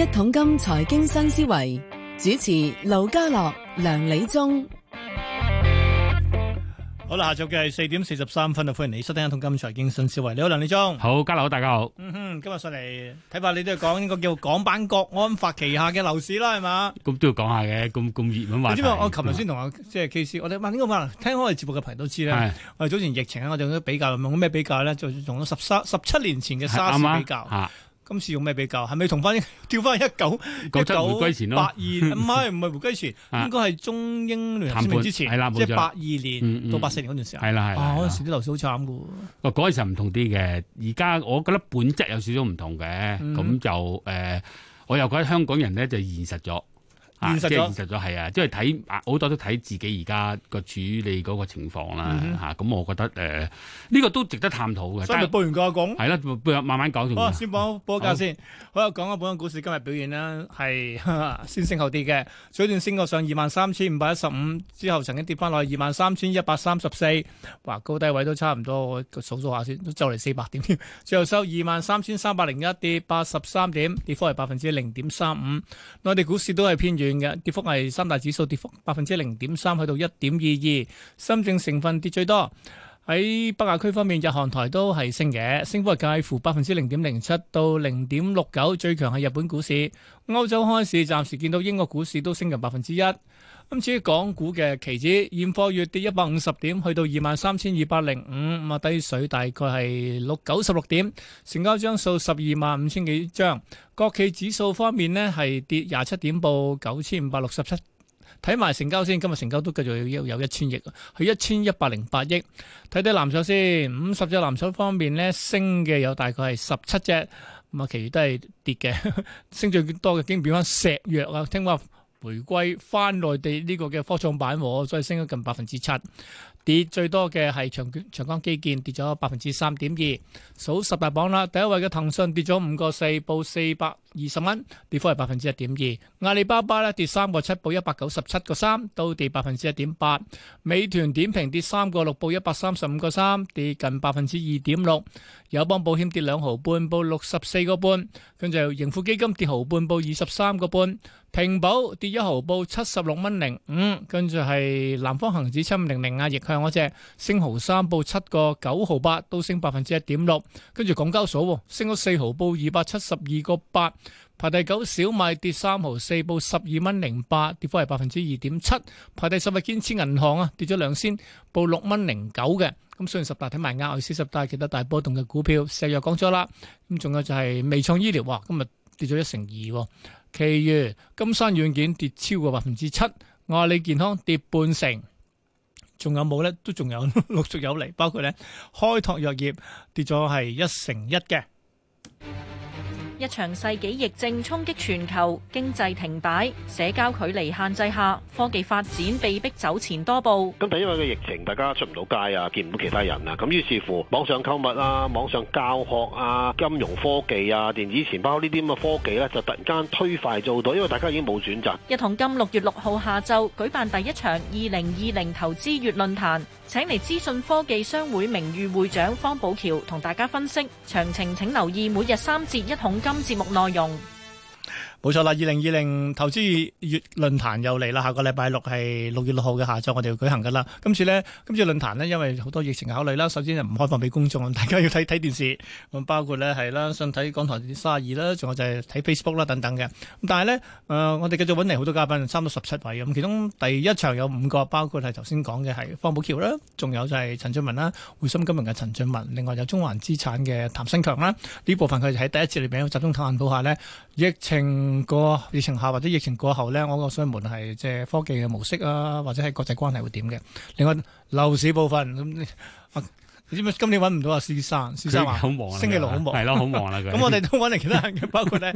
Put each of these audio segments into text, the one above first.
一桶金財經新思維，主持盧家樂梁理中，好啦，下晝嘅四點四十三分啊，歡迎你收聽一桶金財經新思維。你好，梁理中，好，家樂，大家好。嗯哼，今日上嚟睇法你，你都係講呢個叫港版國安法旗下嘅樓市啦，係嘛？咁 都要講下嘅，咁咁熱門話題。知我琴日先同阿即係 K C，我哋問呢個可能聽開我哋節目嘅朋友都知啦。我哋是早前疫情，我哋都比較，用咩比較咧？就用咗十三、十七年前嘅沙士比較啊。.今次用咩比較？係咪同翻跳翻一九一九八二？唔係唔係，回歸前，應該係中英聯合聲明之前，即係八二年到八四年嗰段時間。係、嗯嗯、啦，係啦，嗰、啊、時啲樓市好慘嘅。哦，嗰陣時唔同啲嘅，而家我覺得本質有少少唔同嘅，咁、嗯、就誒、呃，我又覺得香港人咧就現實咗。啊，即係現實咗係啊，即係睇好多都睇自己而家個處理嗰個情況啦嚇。咁、嗯哼啊、我覺得誒，呢、呃這個都值得探討嘅。所以報完個講係啦，不如慢慢講。哇、啊，先報報價好先。好啦，講下本港股市今日表現啦，係先升後跌嘅。早段升過上二萬三千五百一十五，之後曾經跌翻落去二萬三千一百三十四，話高低位都差唔多。我數數下先，就嚟四百點添。最後收二萬三千三百零一，跌八十三點，跌幅係百分之零點三五。內地股市都係偏軟。嘅跌幅係三大指數跌幅百分之零點三，去到一點二二。深證成分跌最多。喺北亞區方面，日韓台都係升嘅，升幅係介乎百分之零點零七到零點六九。最強係日本股市。歐洲開市暫時見到英國股市都升近百分之一。今次港股嘅期指，現貨月跌一百五十點，去到二萬三千二百零五，咁啊，低水大概係六九十六點。成交張數十二萬五千幾張。國企指數方面呢係跌廿七點，報九千五百六十七。睇埋成交先，今日成交都繼續有有一千億，去一千一百零八億。睇睇藍籌先，五十隻藍籌方面呢升嘅有大概係十七隻，咁啊，其餘都係跌嘅。升最多嘅竟變翻石藥啊，聽話。回歸翻內地呢個嘅科創板，所以升咗近百分之七。跌最多嘅係長江長江基建跌咗百分之三點二，數十大榜啦，第一位嘅騰訊跌咗五個四，報四百二十蚊，跌幅係百分之一點二。阿里巴巴咧跌三個七，報一百九十七個三，都跌百分之一點八。美團點評跌三個六，報一百三十五個三，跌近百分之二點六。友邦保險跌兩毫半，報六十四個半，跟住盈富基金跌毫半，報二十三個半。平保跌一毫，報七十六蚊零五，跟住係南方恆指七五零零啊，逆向。我只升毫三，報七個九毫八，都升百分之一點六。跟住港交所，升咗四毫，報二百七十二個八，排第九。小米跌三毫四，報十二蚊零八，跌幅係百分之二點七，排第十。係建設銀行啊，跌咗兩仙，報六蚊零九嘅。咁雖然十大睇埋啱，有四十大，但係其他大波動嘅股票，勢弱講咗啦。咁仲有就係微創醫療，今日跌咗一成二。其餘金山軟件跌超過百分之七，阿里健康跌半成。仲有冇呢？都仲有，陸 續有嚟，包括呢，開拓藥業跌咗係一成一嘅。一場世紀疫症衝擊全球經濟停擺，社交距離限制下，科技發展被迫走前多步。咁因為個疫情，大家出唔到街啊，見唔到其他人啦。咁於是乎，網上購物啊，網上教學啊，金融科技啊，電子錢包呢啲咁嘅科技咧，就突然間推快咗好多，因為大家已經冇選擇。日同金六月六號下晝舉辦第一場二零二零投資月論壇，請嚟資訊科技商會名譽會長方保僑同大家分析詳情，請留意每日三節日同金。今節目內容。冇錯啦，二零二零投資月論壇又嚟啦，下個禮拜六係六月六號嘅下晝，我哋要舉行噶啦。今次呢，今次論壇呢，因為好多疫情考慮啦，首先係唔開放俾公眾，大家要睇睇電視，咁包括呢係啦，想睇港台三十二啦，仲有就係睇 Facebook 啦等等嘅。咁但係呢，誒、呃，我哋繼續揾嚟好多嘉賓，差唔多十七位咁。其中第一場有五個，包括係頭先講嘅係方寶橋啦，仲有就係陳俊文啦，匯心金融嘅陳俊文，另外有中環資產嘅譚新強啦。呢部分佢喺第一次裏邊集中探討下呢。疫情過、疫情下或者疫情過後呢，我個窗門係即係科技嘅模式啊，或者係國際關係會點嘅。另外樓市部分咁、嗯啊，你知唔知今年揾唔到阿施生？施生話好忙，星期六好忙，係咯，好忙啦。咁我哋都揾嚟其他人嘅，包括呢，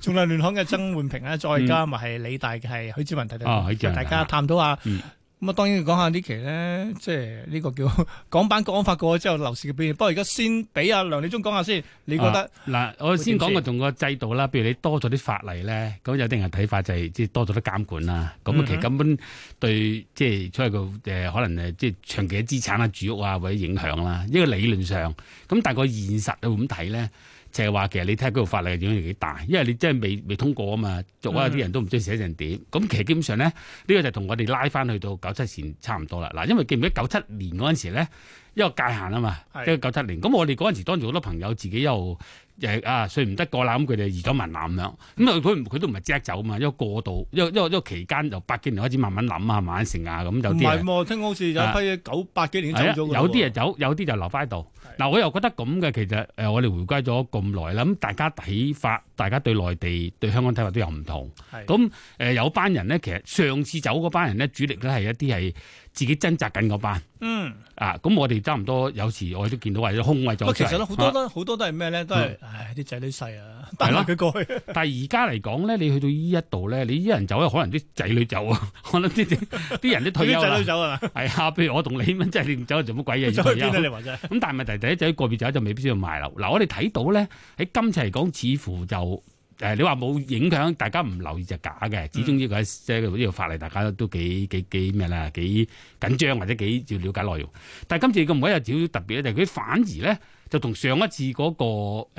仲量 聯行嘅曾煥平啦， 再加埋係理大嘅係許志文。嗯、大家探討下、嗯。咁啊，當然講下期呢期咧，即係呢個叫港版《國安法》過之後，樓市嘅變化。不過而家先俾阿梁理中講下先，你覺得嗱、啊，我先講個同個制度啦。譬如你多咗啲法例咧，咁有啲人睇法就係即係多咗啲監管啦。咁其實根本對即係出嚟個誒，可能誒即係長期嘅資產啊、住屋啊或者影響啦。一個理論上，咁但係個現實你會點睇咧？就係話其實你睇下嗰度法例嘅影響有幾大，因為你真係未未通過啊嘛，做啊啲人都唔中意寫成點。咁、嗯、其實基本上咧，呢、呢個就同我哋拉翻去到九七前差唔多啦。嗱，因為記唔記得九七年嗰陣時咧，一個界限啊嘛，即係九七年。咁我哋嗰陣時當住好多朋友自己又。誒啊，稅唔得個啦，咁佢哋移咗民南咁樣，咁佢佢都唔係即刻走嘛，因為過渡，因為因為因為期間由八幾年開始慢慢諗啊，慢慢成啊，咁有啲，係，聽講好似有一批九八幾年走咗有啲人走，有啲就，就留翻喺度。嗱的、啊，我又覺得咁嘅，其實誒，我哋回歸咗咁耐啦，咁大家睇法，大家對內地、對香港睇法都有唔同。咁誒的、呃，有班人咧，其實上次走嗰班人咧，主力都係一啲係。嗯嗯自己掙扎緊嗰班，嗯啊，咁我哋差唔多有時我哋都見到話啲空位咗、就是。其實好多，啊、多都好多都係咩咧，都係、嗯、唉啲仔女細啊，帶埋佢過去。但係而家嚟講咧，你去到依一度咧，你啲人走可能啲仔女走啊，可能啲啲啲人都退休啦 仔女走係嘛？係嗎啊，譬如我同你咁即係你唔走做乜鬼嘢退休啊？咁但係問題第一，仔女個別走就未必需要賣樓。嗱、啊，我哋睇到咧喺今次嚟講，似乎就。誒、呃，你話冇影響，大家唔留意就假嘅。始終呢、這個即呢、嗯、個法例，大家都幾幾幾咩啦？幾緊張或者幾要了解內容。但係今次佢唔會有少少特別咧，就佢、是、反而咧就同上一次嗰個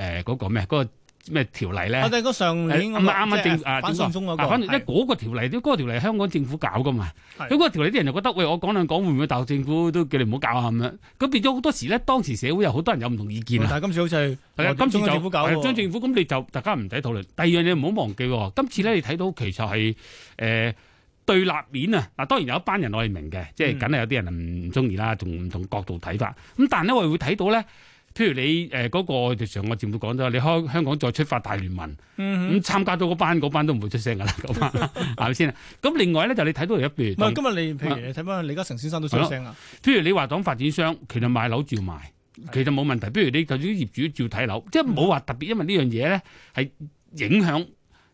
誒嗰個咩嗰個。呃那個咩條例咧？我哋個上年咁、那個、啊，啱啱正，啊，反正咧嗰個條例，啲嗰的個條例,、那個、條例香港政府搞噶嘛。咁嗰的個條例啲人就覺得，喂，我講兩講會唔會大陸政府都叫你唔好搞啊咁樣？咁變咗好多時咧，當時社會又好多人有唔同意見啊、嗯。但係今次好似係，啊，今次中央政府搞喎。中央政府咁你就大家唔使討論。第二樣嘢唔好忘記，今次咧你睇到其實係誒、呃、對立面啊。嗱當然有一班人我係明嘅，即係梗係有啲人唔唔中意啦，從唔、嗯、同角度睇法。咁但係咧我哋會睇到咧。譬如你誒嗰、呃嗰個就上個節目講咗，你開香港再出發大聯盟，咁、嗯哼嗯、參加到嗰班嗰班都唔會出聲㗎啦，係咪先？咁 另外咧就你睇到嚟一邊，唔係今日你譬如你睇翻李嘉誠先生都出聲啊。譬如你話講發展商，其實買樓照買，其實冇問題。譬如你就算業主照睇樓，的即係冇話特別，因為呢樣嘢咧係影響，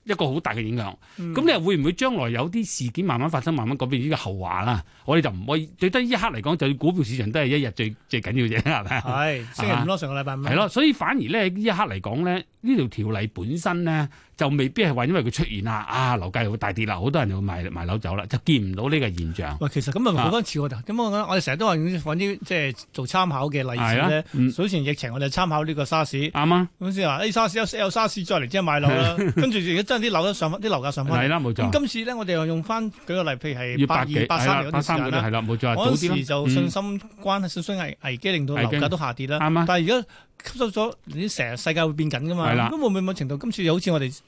一個好大嘅影響，咁、嗯、你又會唔會將來有啲事件慢慢發生，慢慢改變呢個後話啦？我哋就唔可以，最多呢一刻嚟講，就股票市場都係一日最最緊要啫，係咪？係星期五咯，啊、上個禮拜五。係咯，所以反而呢呢一刻嚟講呢，呢條條例本身呢，就未必係話因為佢出現啊，啊樓價又會大跌啦，好多人就會賣賣樓走啦，就見唔到呢個現象。喂，其實咁啊冇嗰次我就咁我哋成日都話揾啲即係做參考嘅例子咧。嗯。早前疫情我哋參考呢個沙士，r 啱啊。嗰時話 A 沙士有沙士再嚟之後買樓啦，是的 跟住真係啲樓價上翻，啲樓價上翻。係啦，冇錯。咁今次咧，我哋又用翻舉個例，譬如係八二、八三嗰段時間啦，係啦，冇錯。早啲啦。嗰陣時就信心關係，信心危危機，令到樓價都下跌啦。啱啊！但係而家吸收咗啲成日世界會變緊㗎嘛。係啦。都會唔會某程度。今次又好似我哋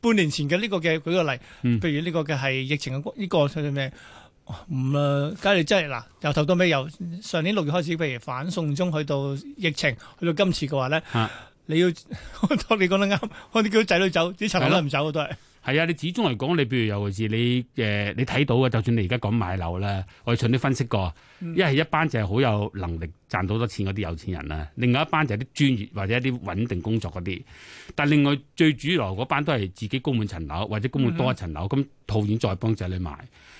半年前嘅呢個嘅舉個例，譬如呢個嘅係疫情嘅呢個叫做咩？唔誒，假如真係嗱，由頭到尾由上年六月開始，譬如反送中去到疫情，去到今次嘅話咧。你要當 你講得啱，我哋叫仔女走，啲層樓都唔走的都係係啊！你始終嚟講，你譬如有回事，你誒、呃、你睇到嘅，就算你而家講買樓咧，我哋順啲分析過，嗯、一係一班就係好有能力賺到多錢嗰啲有錢人啦，另外一班就係啲專業或者一啲穩定工作嗰啲，但另外最主要嗰班都係自己供滿層樓或者供滿多一層樓，咁套現再幫仔女買。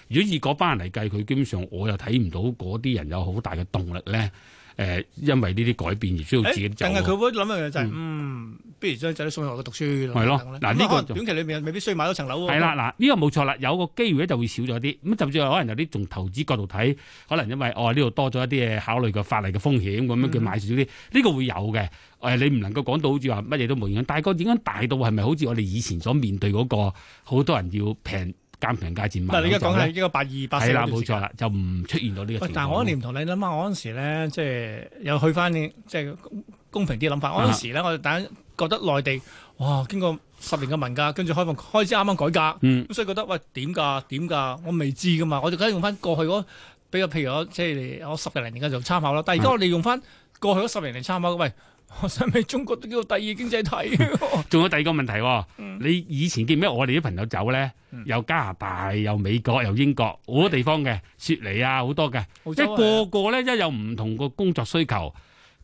如果以嗰班人嚟計，佢基本上我又睇唔到嗰啲人有好大嘅動力咧。誒、呃，因為呢啲改變而需要自己走、欸。但係佢會諗一樣嘢就係、是，嗯，不、嗯、如將仔女送去外國讀書。係咯，嗱呢個短期裏面未必需要買多層樓。係啦喃，嗱呢以、這個冇錯啦，有個機會咧就會少咗啲。咁甚至係可能有啲從投資角度睇，可能因為哦呢度多咗一啲嘅考慮嘅法例嘅風險，咁樣佢買少啲。呢、嗯、個會有嘅。誒、呃，你唔能夠講到好似話乜嘢都冇影響。但係個影響大到係咪好似我哋以前所面對嗰、那個，好多人要平？監評價錢，唔係你而家講緊呢個八二八四。係啦，冇了錯啦，就唔出現到呢個情況。但係我一年同你諗下，我嗰陣時咧，即係有去翻即係公平啲諗法。我嗰時咧，我哋第一覺得內地哇，經過十年嘅文革，跟住開放開始啱啱改革，咁、嗯、所以覺得喂點㗎點㗎，我未知㗎嘛。我梗係用翻過去嗰比較，譬如我，譬如我即係我十零年嘅做參考咯。但係而家我哋用翻過去嗰十零年參考，喂。我想起中國都叫做第二經濟體，仲 有第二個問題，哦。嗯、你以前見咩？我哋啲朋友走咧，嗯、有加拿大，有美國，有英國，好多地方嘅的雪梨啊，好多嘅。即係洲個個咧，一的有唔同個工作需求，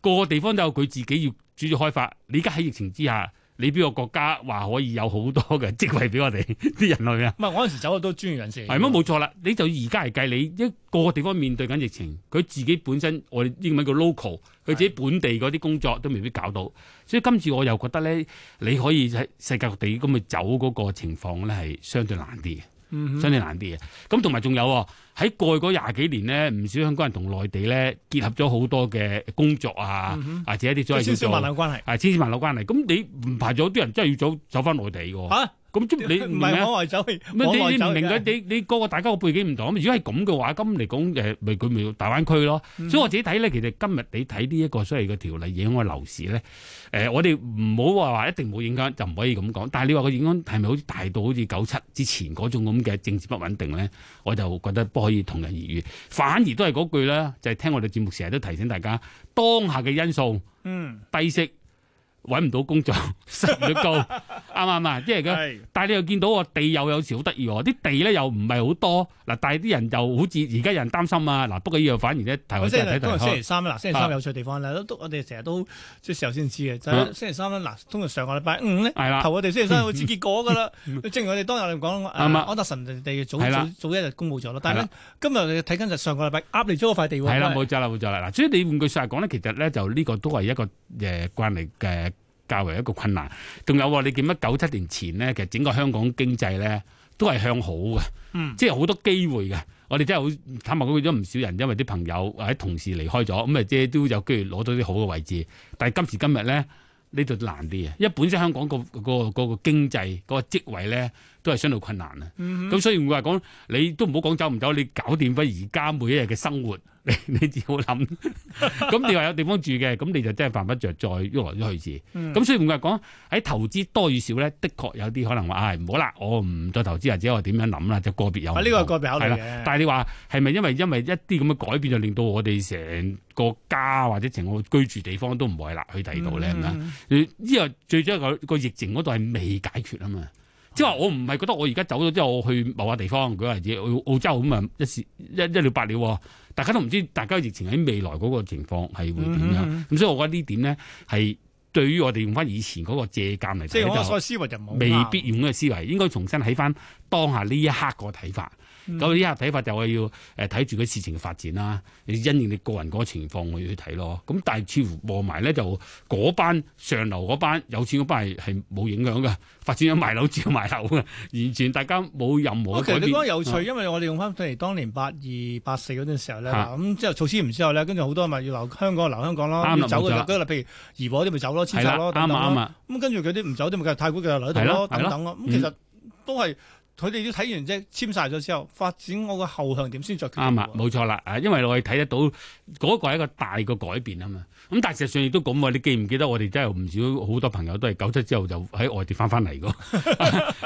個個地方都有佢自己要主要開發。你而家喺疫情之下。你邊個國家話可以有好多嘅職位俾我哋啲人類啊？唔係我嗰陣時走嘅都專業人士係咁冇錯啦。你就而家係計你一個地方面對緊疫情，佢自己本身我哋英文叫 local，佢自己本地嗰啲工作都未必搞到。的所以今次我又覺得咧，你可以喺世界各地咁去走嗰個情況咧，係相對難啲嘅。相對難啲嘅，咁同埋仲有喺過去廿幾年咧，唔少香港人同內地咧結合咗好多嘅工作、嗯、哼啊，或者一啲所謂有少少萬樓關係，係千絲萬縷關係。咁、嗯啊、你唔排除有啲人真係要走走翻內地嘅吓。啊咁你唔係往外走，唔你明嘅在，你你個個大家個背景唔同。如果係咁嘅話，咁嚟講誒，咪佢咪要大灣區咯。Mm hmm. 所以我自己睇咧，其實今日你睇呢一個所謂嘅條例影響樓市咧，誒，我哋唔好話話一定冇影響，就唔可以咁講。但係你話個影響係咪好似大到好似九七之前嗰種咁嘅政治不穩定咧？我就覺得不可以同日而語，反而都係嗰句啦，就係聽我哋節目成日都提醒大家當下嘅因素，嗯，低息。Mm hmm. 搵唔到工作，升唔到高，啱唔啱？即係但係你又見到啊，地又有時好得意喎，啲地咧又唔係好多嗱，但係啲人又好似而家有人擔心啊嗱，不過呢樣反而咧，睇睇。星期三啦，星期三有趣地方我哋成日都即係時候先知嘅。就星期三嗱，通常上個禮拜，嗯咧，頭我哋星期三好似結果噶啦，正如我哋當日嚟講，安達臣地早早一日公佈咗啦。但係今日睇緊就上個禮拜鴨你咗嗰塊地，係啦，冇錯啦，冇錯啦。嗱，所以你換句說話講咧，其實咧就呢個都係一個誒關係嘅。較為一個困難，仲有話你見乜九七年前咧，其實整個香港經濟咧都係向好嘅，嗯、即係好多機會嘅。我哋真係好坦白講，咗唔少人因為啲朋友或者同事離開咗，咁啊即係都有機會攞到啲好嘅位置。但係今時今日咧，呢度難啲啊，因為本身香港、嗰個個嗰、嗰個經濟嗰、嗰個職位咧，都係相當困難啊！咁所以唔會話講，你都唔好講走唔走，你搞掂翻而家每一日嘅生活，你你只好諗。咁 你話有地方住嘅，咁你就真係犯不着再喐來喐去字。咁所以唔會話講喺投資多與少咧，的確有啲可能話唉，唔好啦，我唔再投資或者我點樣諗啦，就個別有問題。啊，呢個個別案但係你話係咪因為因為一啲咁嘅改變就令到我哋成個家或者成個居住地方都唔好啦？去第二度咧呢個、mm hmm. 最主要個疫情嗰度係未解決啊嘛。即係話我唔係覺得我而家走咗之後，我去某個地方舉個例子，澳洲咁啊，一時一一了百了，大家都唔知，大家疫情喺未來嗰個情況係會點樣？咁、嗯、哼所以我覺得呢點咧係對於我哋用翻以前嗰個借鑒嚟，即所思睇就未必用呢個思維，應該重新喺翻當下呢一刻個睇法。咁呢下睇法就係要誒睇住個事情發展啦，你因應你個人個情況去去睇咯。咁但係似乎和埋咧就嗰班上流嗰班有錢嗰班係冇影響嘅，發展咗賣樓照賣樓嘅。完全大家冇任何改變。其實你覺得有趣，因為我哋用翻譬如當年八二八四嗰陣時候咧，咁之後措施完之後咧，跟住好多咪要留香港留香港咯，要走嗰啲啦，譬如移波啲咪走咯，遷出咯，啱唔啱啊？咁跟住佢啲唔走啲咪太古嘅留喺度咯，等等咯。咁其實都係。佢哋都睇完即係，簽晒咗之後發展我個後向點先再決定。啱啊，冇錯啦，啊，因為我哋睇得到嗰、那個係一個大個改變啊嘛。咁但係事實上亦都講喎，你記唔記得我哋真係唔少好多朋友都係九七之後就喺外地翻翻嚟嘅。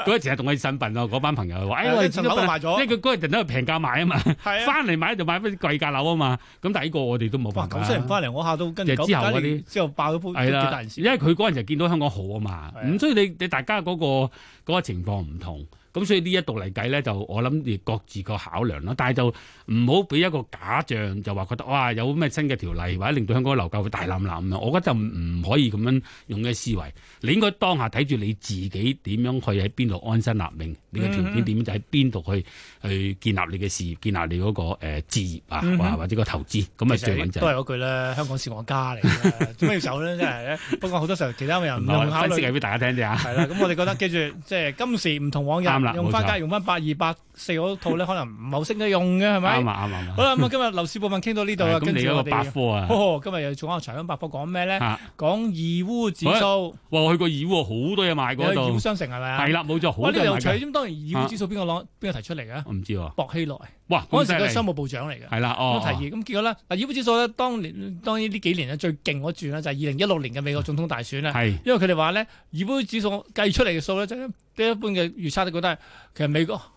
佢一成日同我哋呻笨咯，嗰班朋友話，哎呀，哎呀我哋啲樓賣咗，因為嗰日人都係平價買啊嘛，翻嚟、 啊、買就買翻啲貴價樓啊嘛。咁第一個我哋都冇辦法、啊。九七唔翻嚟，我下都跟九七後嗰啲，之後爆咗波。因為佢嗰陣就見到香港好啊嘛，咁、啊、所以你你大家嗰、那個嗰、那個情況唔同。咁、嗯、所以呢一度嚟計咧，就我諗要各自個考量啦。但係就唔好俾一個假象，就話覺得哇有咩新嘅條例，或者令到香港樓價會大瀰漫，咁我覺得就唔可以咁樣用嘅思維。你應該當下睇住你自己點樣去喺邊度安身立命。你嘅條件點就喺邊度去去，去建立你嘅事業，建立你嗰個置業啊，或者個投資。咁啊最緊要都係嗰句啦，香港是我家嚟嘅，做咩要走咧？真係咧。不過好多時候其他嘅人唔好分析下俾大家聽啲啊。係啦， 咁我哋覺得跟住，即係今時唔同往日。 用翻街，用翻八二八四嗰套咧，可能唔係好識得用嘅，係咪？啱啊，啱好啦，咁今日樓市部分傾到呢度啦。咁你一個百科啊？今日又做個財經百科，講咩咧？講義烏指數。哇！我去過義烏，好多嘢賣嗰度。有義烏商城係咪啊？係啦，冇錯，好多人買。哇！呢個有趣。咁當然義烏指數邊個攞？邊個提出嚟嘅？唔知喎，薄熙來。哇！嗰陣時佢係商務部長嚟嘅。係啦，咁提議，咁結果咧，嗱義烏指數咧，當年當然呢幾年最勁嗰轉就係二零一六年嘅美國總統大選啦。係。因為佢哋話咧，義烏指數計出嚟嘅數咧啲一般嘅預測都覺得係，其實美國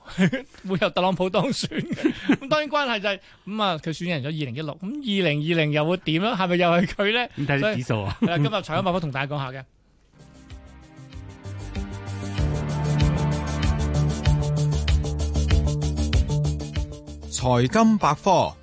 會由特朗普當選咁 當然關係就係咁啊，佢、嗯、選人咗二零一六，咁二零二零又會點咧？係 咪又係佢咧？咁睇指數啊！今日財經百科同大家講下嘅財金百科。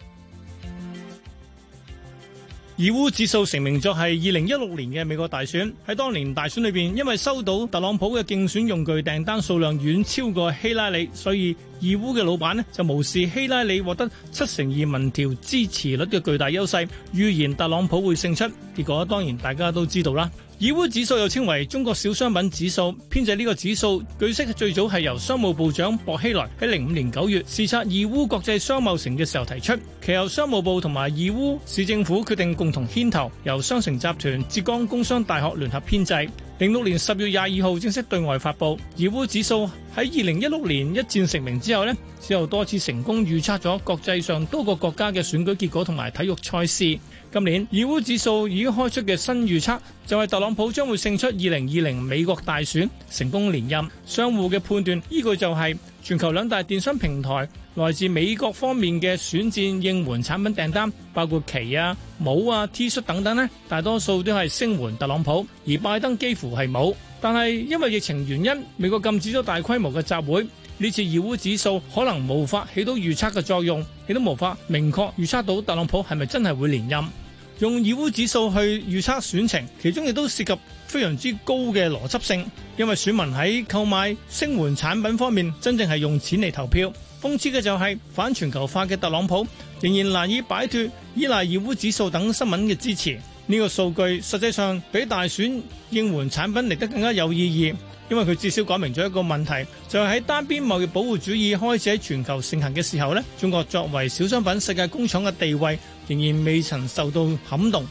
義烏指數成名作係二零一六年嘅美國大選，喺當年大選裏邊，因為收到特朗普嘅競選用具訂單數量遠超過希拉里，所以義烏嘅老闆呢就無視希拉里獲得七成二民調支持率嘅巨大優勢，預言特朗普會勝出。結果當然大家都知道啦。義烏指數又稱為中國小商品指數，編製呢個指數，據悉最早係由商務部長薄熙來喺零五年九月視察義烏國際商貿城嘅時候提出，其後商務部同埋義烏市政府決定共同牽頭，由商城集團、浙江工商大學聯合編製。零六年十月廿二號正式對外發佈。義烏指數喺二零一六年一戰成名之後呢，之後多次成功預測咗國際上多個國家嘅選舉結果同埋體育賽事。今年義烏指數已經開出嘅新預測就係、是、特朗普將會勝出二零二零美國大選，成功連任。商戶嘅判斷依據就係、是、全球兩大電商平台來自美國方面嘅選戰應援產品訂單，包括旗啊、帽啊、T 恤等等咧，大多數都係聲援特朗普，而拜登幾乎係冇。但係因為疫情原因，美國禁止咗大規模嘅集會，呢次義烏指數可能無法起到預測嘅作用，亦都無法明確預測到特朗普係咪真係會連任。用義烏指數去預測選情，其中亦都涉及非常之高嘅邏輯性，因為選民喺購買聲援產品方面，真正係用錢嚟投票。諷刺嘅就係反全球化嘅特朗普，仍然難以擺脱依賴賴義烏指數等新聞嘅支持。呢、這個數據實際上比大選應援產品嚟得更加有意義，因為佢至少講明咗一個問題，就係、是、喺單邊貿易保護主義開始喺全球盛行嘅時候咧，中國作為小商品世界工廠嘅地位。仍然未曾受到撼動。